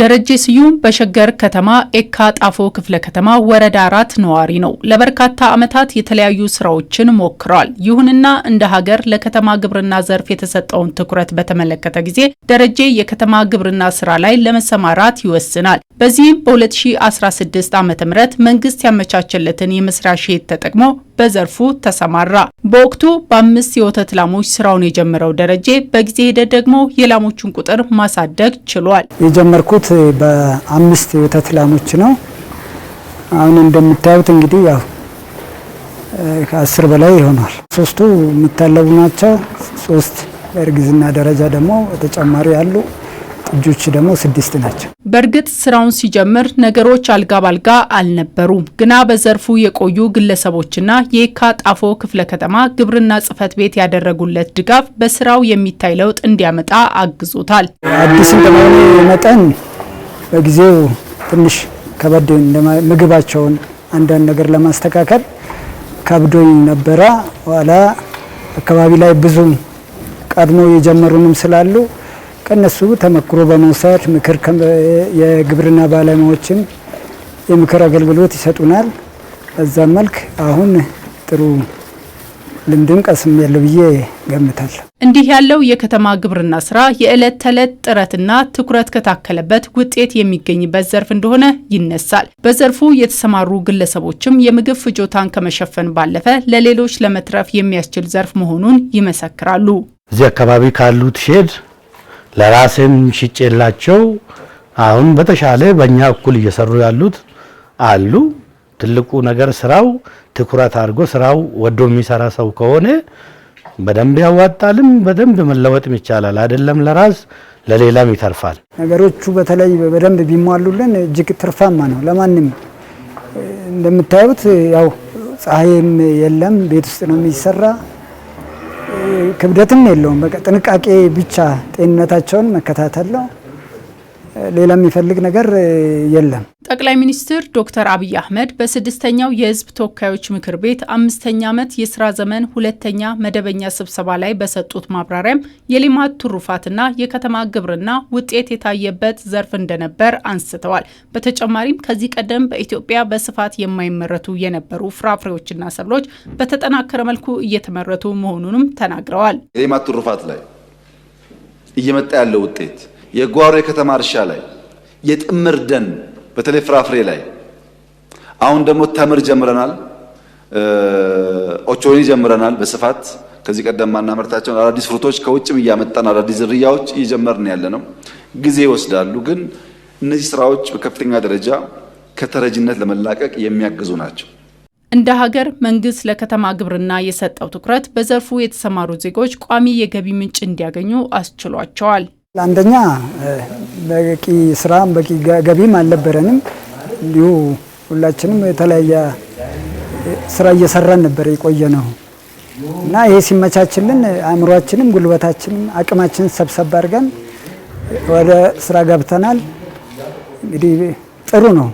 ደረጀ ስዩም በሸገር ከተማ ኤካ ጣፎ ክፍለ ከተማ ወረዳ አራት ነዋሪ ነው። ለበርካታ ዓመታት የተለያዩ ስራዎችን ሞክሯል። ይሁንና እንደ ሀገር ለከተማ ግብርና ዘርፍ የተሰጠውን ትኩረት በተመለከተ ጊዜ ደረጀ የከተማ ግብርና ስራ ላይ ለመሰማራት ይወስናል። በዚህም በ2016 ዓ ም መንግስት ያመቻቸለትን የመስሪያ ሼት ተጠቅሞ በዘርፉ ተሰማራ። በወቅቱ በአምስት የወተት ላሞች ስራውን የጀመረው ደረጀ በጊዜ ሂደት ደግሞ የላሞቹን ቁጥር ማሳደግ ችሏል። የጀመርኩት በአምስት የወተት ላሞች ነው። አሁን እንደምታዩት እንግዲህ ያው ከአስር በላይ ይሆናል። ሶስቱ የሚታለቡ ናቸው። ሶስት በእርግዝና ደረጃ ደግሞ ተጨማሪ አሉ። ጥጆች ደግሞ ስድስት ናቸው። በእርግጥ ስራውን ሲጀምር ነገሮች አልጋ ባልጋ አልነበሩም። ግና በዘርፉ የቆዩ ግለሰቦችና የካ ጣፎ ክፍለ ከተማ ግብርና ጽሕፈት ቤት ያደረጉለት ድጋፍ በስራው የሚታይ ለውጥ እንዲያመጣ አግዞታል። አዲስ እንደመሆኑ መጠን በጊዜው ትንሽ ከበድ ምግባቸውን አንዳንድ ነገር ለማስተካከል ከብዶኝ ነበረ። ኋላ አካባቢ ላይ ብዙም ቀድሞ የጀመሩንም ስላሉ ከእነሱ ተመክሮ በመውሰድ ምክር የግብርና ባለሙያዎችም የምክር አገልግሎት ይሰጡናል። በዛም መልክ አሁን ጥሩ ልምድም ቀስም ያለው ብዬ ገምታል እንዲህ ያለው የከተማ ግብርና ስራ የዕለት ተዕለት ጥረትና ትኩረት ከታከለበት ውጤት የሚገኝበት ዘርፍ እንደሆነ ይነሳል። በዘርፉ የተሰማሩ ግለሰቦችም የምግብ ፍጆታን ከመሸፈን ባለፈ ለሌሎች ለመትረፍ የሚያስችል ዘርፍ መሆኑን ይመሰክራሉ። እዚህ አካባቢ ካሉት ሼድ ለራሴም ሽጬላቸው አሁን በተሻለ በእኛ እኩል እየሰሩ ያሉት አሉ። ትልቁ ነገር ስራው ትኩረት አድርጎ ስራው ወዶ የሚሰራ ሰው ከሆነ በደንብ ያዋጣልም፣ በደንብ መለወጥም ይቻላል። አይደለም ለራስ ለሌላም ይተርፋል። ነገሮቹ በተለይ በደንብ ቢሟሉልን እጅግ ትርፋማ ነው ለማንም። እንደምታዩት ያው ፀሐይም የለም ቤት ውስጥ ነው የሚሰራ ክብደትም የለውም። በቃ ጥንቃቄ ብቻ ጤንነታቸውን መከታተል ነው። ሌላ የሚፈልግ ነገር የለም። ጠቅላይ ሚኒስትር ዶክተር አብይ አህመድ በስድስተኛው የሕዝብ ተወካዮች ምክር ቤት አምስተኛ ዓመት የስራ ዘመን ሁለተኛ መደበኛ ስብሰባ ላይ በሰጡት ማብራሪያም የልማት ትሩፋትና የከተማ ግብርና ውጤት የታየበት ዘርፍ እንደነበር አንስተዋል። በተጨማሪም ከዚህ ቀደም በኢትዮጵያ በስፋት የማይመረቱ የነበሩ ፍራፍሬዎችና ሰብሎች በተጠናከረ መልኩ እየተመረቱ መሆኑንም ተናግረዋል። የልማት ትሩፋት ላይ እየመጣ ያለው ውጤት የጓሮ የከተማ እርሻ ላይ የጥምር ደን በተለይ ፍራፍሬ ላይ አሁን ደግሞ ተምር ጀምረናል፣ ኦቾኒ ጀምረናል በስፋት ከዚህ ቀደም ማናመርታቸውን አዳዲስ ፍሩቶች ከውጭም እያመጣን አዳዲስ ዝርያዎች እየጀመርን ያለ ነው። ጊዜ ይወስዳሉ፣ ግን እነዚህ ስራዎች በከፍተኛ ደረጃ ከተረጅነት ለመላቀቅ የሚያግዙ ናቸው። እንደ ሀገር መንግስት ለከተማ ግብርና የሰጠው ትኩረት በዘርፉ የተሰማሩ ዜጎች ቋሚ የገቢ ምንጭ እንዲያገኙ አስችሏቸዋል። አንደኛ በቂ ስራም በቂ ገቢም አልነበረንም። እንዲሁ ሁላችንም የተለያየ ስራ እየሰራን ነበር የቆየ ነው እና ይሄ ሲመቻችልን አእምሯችንም ጉልበታችንም አቅማችንን ሰብሰብ አድርገን ወደ ስራ ገብተናል። እንግዲህ ጥሩ ነው።